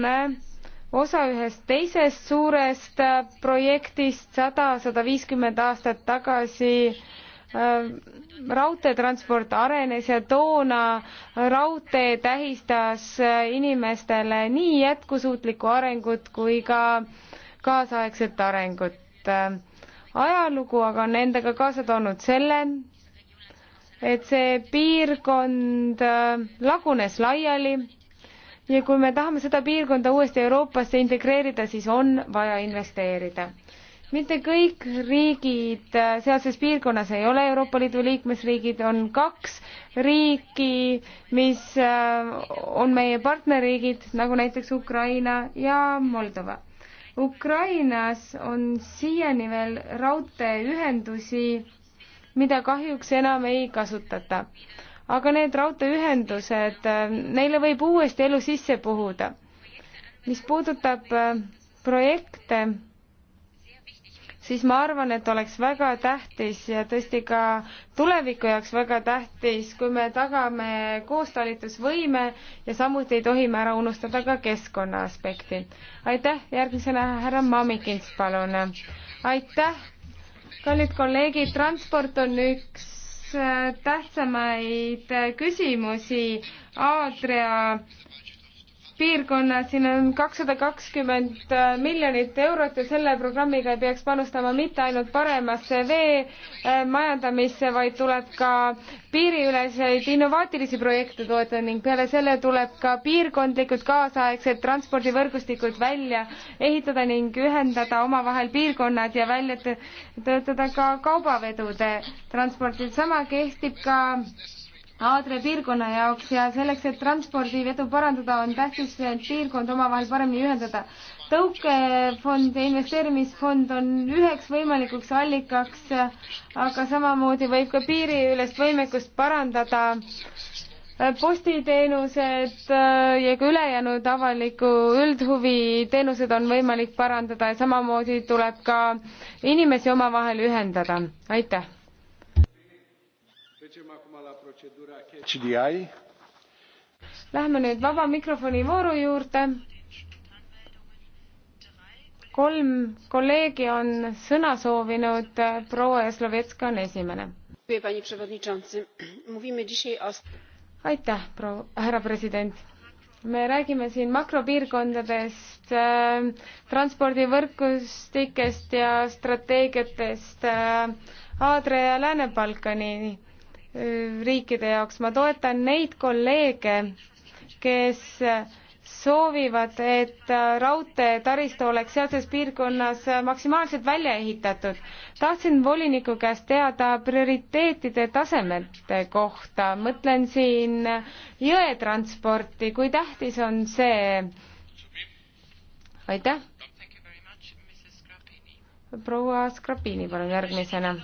osa ühest teisest suurest projektist sada, sada viiskümmend aastat tagasi äh, Äh, raudteetransport arenes ja toona raudtee tähistas inimestele nii jätkusuutlikku arengut kui ka kaasaegset arengut. Äh, ajalugu aga on endaga kaasa toonud selle, et see piirkond äh, lagunes laiali ja kui me tahame seda piirkonda uuesti Euroopasse integreerida, siis on vaja investeerida mitte kõik riigid äh, sealses piirkonnas ei ole Euroopa Liidu liikmesriigid, on kaks riiki, mis äh, on meie partnerriigid, nagu näiteks Ukraina ja Moldova. Ukrainas on siiani veel raudteeühendusi, mida kahjuks enam ei kasutata. aga need raudteeühendused, äh, neile võib uuesti elu sisse puhuda. mis puudutab projekte, siis ma arvan, et oleks väga tähtis ja tõesti ka tuleviku jaoks väga tähtis, kui me tagame koostalitusvõime ja samuti ei tohi me ära unustada ka keskkonna aspekti. aitäh, järgmisena härra Mamikins, palun. aitäh, kallid kolleegid, transport on üks äh, tähtsamaid äh, küsimusi Aadria piirkonnas, siin on kakssada kakskümmend äh, miljonit eurot ja selle programmiga ei peaks panustama mitte ainult paremasse vee äh, majandamisse, vaid tuleb ka piiriüleseid innovaatilisi projekte toetada ning peale selle tuleb ka piirkondlikud kaasaegsed transpordivõrgustikud välja ehitada ning ühendada omavahel piirkonnad ja välja töötada ka kaubavedude transpordil. sama kehtib ka Aadria piirkonna jaoks ja selleks, et transpordivedu parandada, on tähtis piirkond omavahel paremini ühendada. tõukefond ja investeerimisfond on üheks võimalikuks allikaks, aga samamoodi võib ka piiriülest võimekust parandada postiteenused äh, ja ka ülejäänud avaliku üldhuvi teenused on võimalik parandada ja samamoodi tuleb ka inimesi omavahel ühendada. aitäh! Läheme nüüd vaba mikrofoni vooru juurde. kolm kolleegi on sõna soovinud, proua Jaslovetska on esimene. aitäh, proua, härra president me räägime siin makropiirkondadest äh,, transpordivõrgustikest ja strateegiatest äh, Aadria ja Lääne-Balkani riikide jaoks. ma toetan neid kolleege, kes soovivad, et raudteetaristu oleks sealses piirkonnas maksimaalselt välja ehitatud. tahtsin voliniku käest teada prioriteetide tasemete kohta, mõtlen siin jõetransporti, kui tähtis on see? aitäh. proua Skrapini, palun järgmisena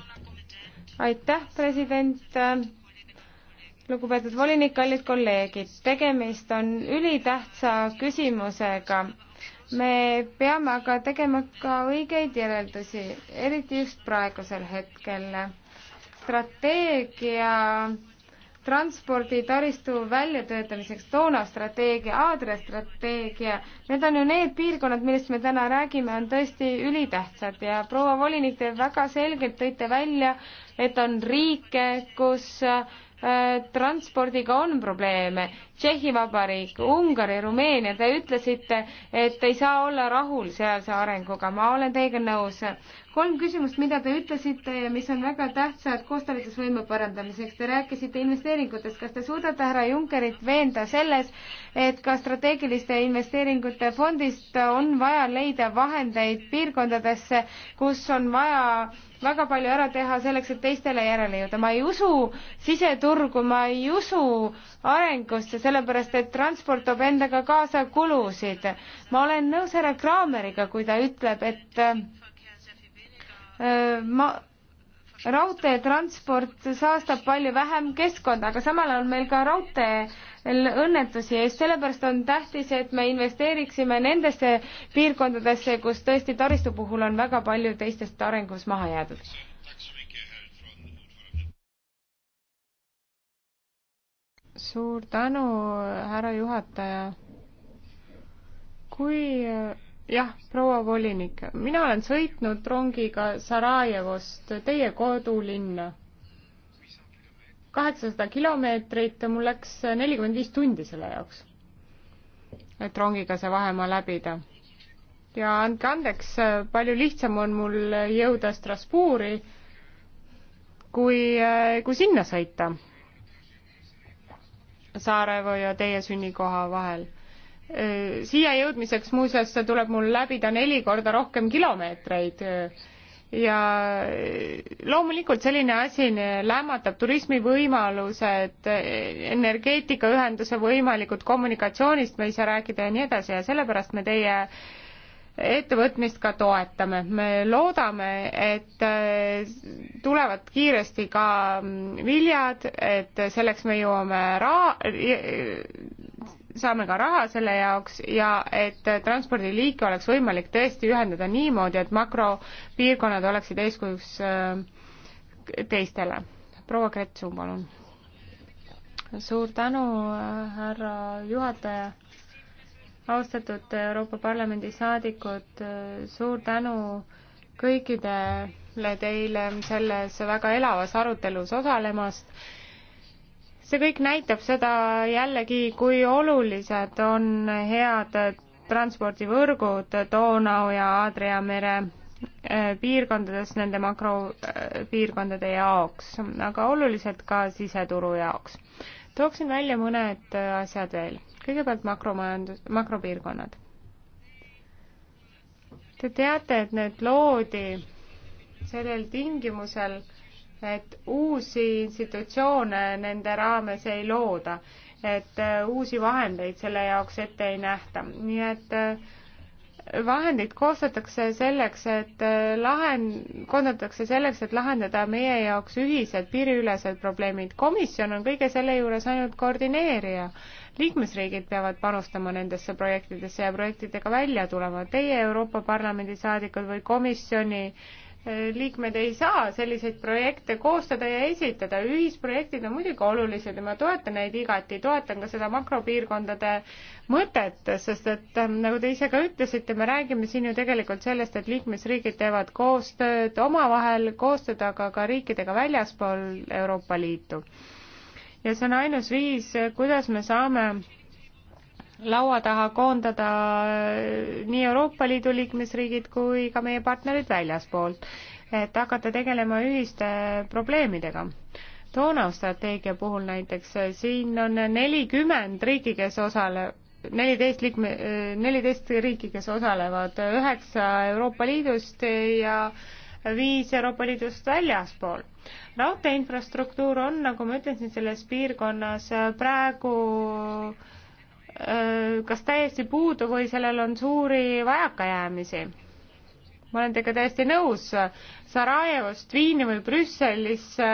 aitäh, president. lugupeetud volinik, kallid kolleegid, tegemist on ülitähtsa küsimusega. me peame aga tegema ka õigeid järeldusi, eriti just praegusel hetkel. strateegia transporditaristu väljatöötamiseks, toona strateegia, Aadria strateegia, need on ju need piirkonnad, millest me täna räägime, on tõesti ülitähtsad ja proua volinik, te väga selgelt tõite välja, et on riike, kus äh, transpordiga on probleeme. Tšehhi Vabariik, Ungari, Rumeenia, te ütlesite, et ei saa olla rahul sealse arenguga, ma olen teiega nõus kolm küsimust, mida te ütlesite ja mis on väga tähtsad koostalitusvõime parandamiseks. Te rääkisite investeeringutest, kas te suudate härra Junckerit veenda selles, et ka strateegiliste investeeringute fondist on vaja leida vahendeid piirkondadesse, kus on vaja väga palju ära teha selleks, et teistele järele jõuda. ma ei usu siseturgu, ma ei usu arengusse, sellepärast et transport toob endaga kaasa kulusid. ma olen nõus härra Kraameriga, kui ta ütleb, et Äh, ma-, raudteetransport saastab palju vähem keskkonda, aga samal ajal meil ka raudteel õnnetusi ja just sellepärast on tähtis, et me investeeriksime nendesse piirkondadesse, kus tõesti taristu puhul on väga palju teistest arengus maha jäädud. suur tänu, härra juhataja. kui jah, proua volinik, mina olen sõitnud rongiga Sarajevost teie kodulinna. kaheksasada kilomeetrit, mul läks nelikümmend viis tundi selle jaoks, et rongiga see vahemaa läbida. ja andke andeks, palju lihtsam on mul jõuda Strasbourgi kui, kui sinna sõita Saarevo ja teie sünnikoha vahel Äh, siia jõudmiseks muuseas tuleb mul läbida neli korda rohkem kilomeetreid äh, ja äh, loomulikult selline asi lämmatab turismivõimalused, energeetikaühenduse võimalikud, kommunikatsioonist me ei saa rääkida ja nii edasi ja sellepärast me teie ettevõtmist ka toetame. me loodame, et tulevad kiiresti ka mm, viljad, et selleks me jõuame ra-, saame ka raha selle jaoks ja et transpordiliike oleks võimalik tõesti ühendada niimoodi, et makropiirkonnad oleksid eeskujuks äh, teistele. proua Kretsu, palun. suur tänu, äh, härra juhataja. austatud Euroopa Parlamendi saadikud, äh, suur tänu kõikidele teile selles väga elavas arutelus osalemast see kõik näitab seda jällegi, kui olulised on head transpordivõrgud Donau ja Aadria mere äh, piirkondades nende makropiirkondade äh, jaoks, aga oluliselt ka siseturu jaoks. tooksin välja mõned äh, asjad veel. kõigepealt makromajandus, makropiirkonnad. Te teate, et need loodi sellel tingimusel, et uusi institutsioone nende raames ei looda, et äh, uusi vahendeid selle jaoks ette ei nähta, nii et äh, vahendid koostatakse selleks, et äh, lahen-, koostatakse selleks, et lahendada meie jaoks ühised piiriülesed probleemid. komisjon on kõige selle juures ainult koordineerija. liikmesriigid peavad panustama nendesse projektidesse ja projektidega välja tulema. Teie Euroopa Parlamendi saadikud või komisjoni äh, liikmed ei saa selliseid projekte koostada ja esitada. ühisprojektid on muidugi olulised ja ma toetan neid igati, toetan ka seda makropiirkondade mõtet, sest et ähm, nagu te ise ka ütlesite, me räägime siin ju tegelikult sellest, et liikmesriigid teevad koostööd omavahel, koostööd aga ka riikidega väljaspool Euroopa Liitu. ja see on ainus viis, kuidas me saame laua taha koondada nii Euroopa Liidu liikmesriigid kui ka meie partnerid väljaspoolt, et hakata tegelema ühiste probleemidega. toona strateegia puhul näiteks siin on nelikümmend riiki, kes osale-, neliteist liikme, neliteist riiki, kes osalevad, üheksa Euroopa Liidust ja viis Euroopa Liidust väljaspool. raudteeinfrastruktuur on, nagu ma ütlesin, selles piirkonnas praegu äh, kas täiesti puudu või sellel on suuri vajakajäämisi. ma olen teiega täiesti nõus, Sarajevost Viini või Brüsselisse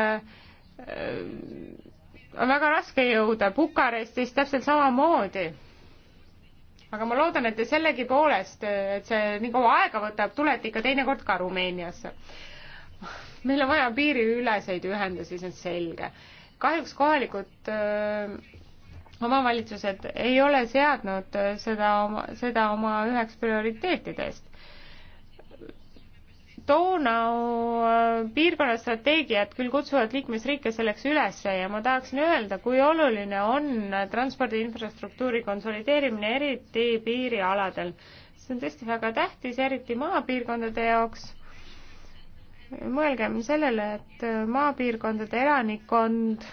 on väga raske jõuda, Bukarestis täpselt samamoodi. aga ma loodan, et te sellegipoolest, et see nii kaua aega võtab, tulete ikka teinekord ka Rumeeniasse. meil on vaja piiriüleseid ühendusi, see on selge. kahjuks kohalikud öö, omavalitsused ei ole seadnud seda oma, seda oma üheks prioriteetidest. Donau äh, piirkonna strateegiad küll kutsuvad liikmesriike selleks üles ja ma tahaksin öelda, kui oluline on transpordi infrastruktuuri konsolideerimine, eriti piirialadel. see on tõesti väga tähtis, eriti maapiirkondade jaoks mõelgem sellele, et äh, maapiirkondade elanikkond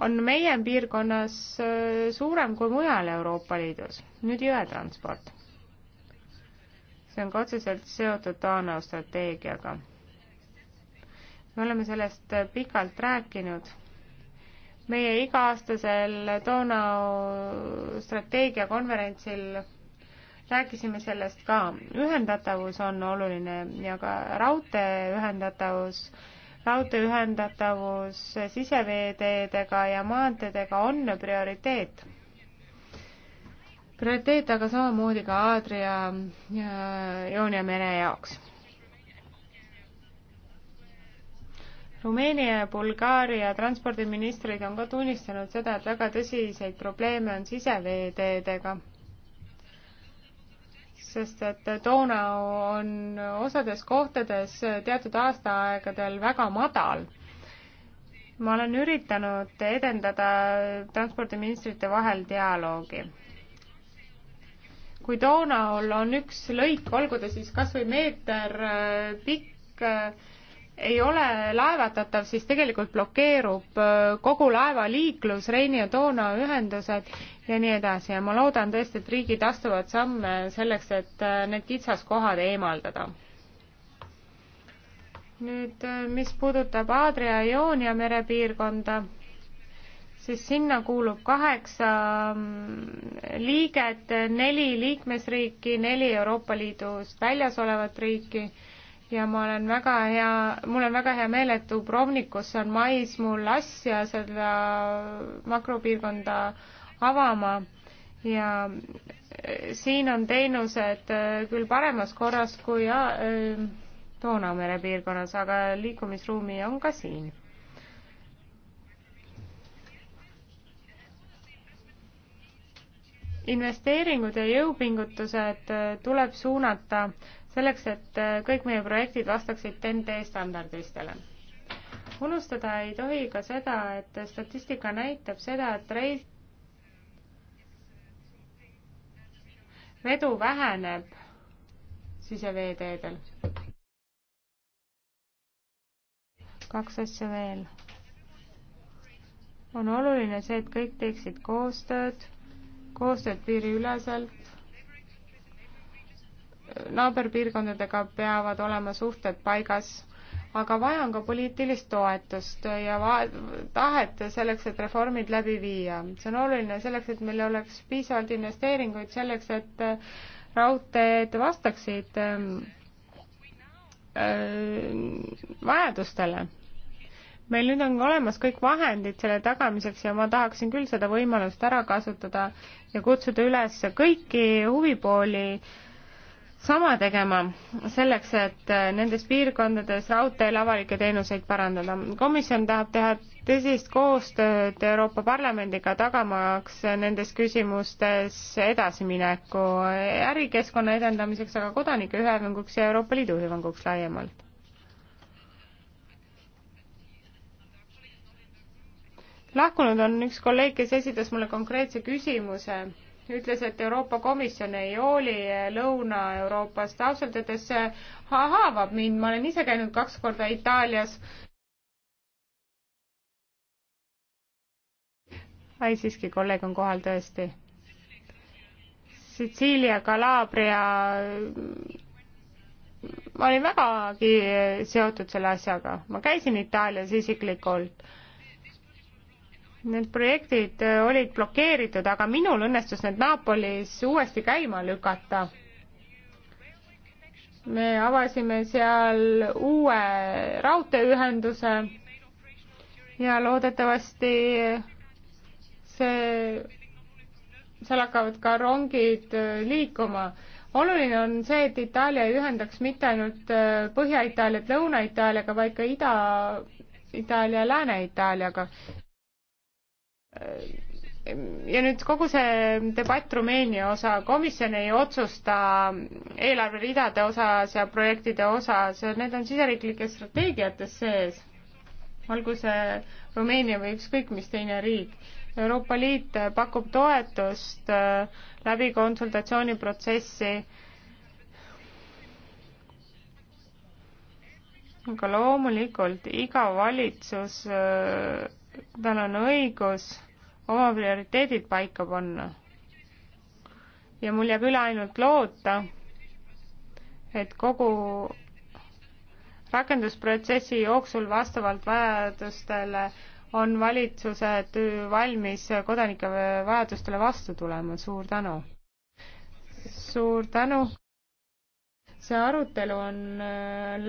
on meie piirkonnas äh, suurem kui mujal Euroopa Liidus. nüüd jõetransport. see on ka otseselt seotud Taanao strateegiaga. me oleme sellest pikalt rääkinud. meie iga-aastasel Taanao strateegiakonverentsil rääkisime sellest ka. ühendatavus on oluline ja ka raudtee ühendatavus raudtee ühendatavus siseveeteedega ja maanteedega on prioriteet. prioriteet aga samamoodi ka Aadria ja Joonia mere jaoks. Rumeenia ja Bulgaaria transpordiministrid on ka tunnistanud seda, et väga tõsiseid probleeme on siseveeteedega sest et Donau on osades kohtades teatud aastaaegadel väga madal. ma olen üritanud edendada transpordiministrite vahel dialoogi. kui Donaul on üks lõik, olgu ta siis kas või meeter äh, pikk, äh, ei ole laevatatav, siis tegelikult blokeerub äh, kogu laevaliiklus Reini ja Doona ühendused ja nii edasi ja ma loodan tõesti, et riigid astuvad samme selleks, et äh, need kitsaskohad eemaldada. nüüd, äh, mis puudutab Aadria-Ioonia merepiirkonda, siis sinna kuulub kaheksa mm, liiget, neli liikmesriiki, neli Euroopa Liidust väljas olevat riiki ja ma olen väga hea, mul on väga hea meel, et Dubrovnikus on mais mul asja seda makropiirkonda äh, avama ja äh, siin on teenused äh, küll paremas korras kui äh, Toonamere piirkonnas, aga liikumisruumi on ka siin. investeeringud ja jõupingutused tuleb suunata selleks, et kõik meie projektid vastaksid TEN-T standardistele unustada ei tohi ka seda, et statistika näitab seda, et reis vedu väheneb siseveeteedel. kaks asja veel. on oluline see, et kõik teeksid koostööd, koostööd piiriüleselt. naaberpiirkondadega peavad olema suhted paigas aga vaja on ka poliitilist toetust ja tahet selleks, et reformid läbi viia. see on oluline selleks, et meil oleks piisavalt investeeringuid selleks, et äh, raudteed vastaksid ähm, äh, vajadustele. meil nüüd on olemas kõik vahendid selle tagamiseks ja ma tahaksin küll seda võimalust ära kasutada ja kutsuda üles kõiki huvipooli äh, sama tegema selleks, et äh, nendes piirkondades raudteel avalikke teenuseid parandada. komisjon tahab teha tõsist koostööd Euroopa Parlamendiga, tagamaks nendes küsimustes edasimineku ärikeskkonna edendamiseks, aga kodanike hüvanguks ja Euroopa Liidu hüvanguks laiemalt. lahkunud on üks kolleeg, kes esitas mulle konkreetse küsimuse ütles, et Euroopa Komisjon ei hooli Lõuna-Euroopast. ausalt öeldes see haavab mind, ma olen ise käinud kaks korda Itaalias. ai, siiski kolleeg on kohal tõesti. Sitsiilia, Kalabria. ma olin vägagi seotud selle asjaga, ma käisin Itaalias isiklikult need projektid äh, olid blokeeritud, aga minul õnnestus need Napolis uuesti käima lükata. me avasime seal uue raudteeühenduse ja loodetavasti see, seal hakkavad ka rongid äh, liikuma. oluline on see, et Itaalia ei ühendaks mitte ainult äh, Põhja-Itaaliat Lõuna-Itaaliaga, vaid ka Ida-Itaalia Lääne-Itaaliaga. Äh, ja nüüd kogu see debatt Rumeenia osa, komisjon ei otsusta eelarveridade osas ja projektide osas, need on siseriiklikes strateegiates sees, olgu see Rumeenia või ükskõik mis teine riik. Euroopa Liit pakub toetust äh, läbi konsultatsiooniprotsessi aga loomulikult iga valitsus äh, tal on õigus oma prioriteedid paika panna. ja mul jääb üle ainult loota, et kogu rakendusprotsessi jooksul vastavalt vajadustele on valitsused valmis kodanike vajadustele vastu tulema, suur tänu! suur tänu! see arutelu on äh, läbi.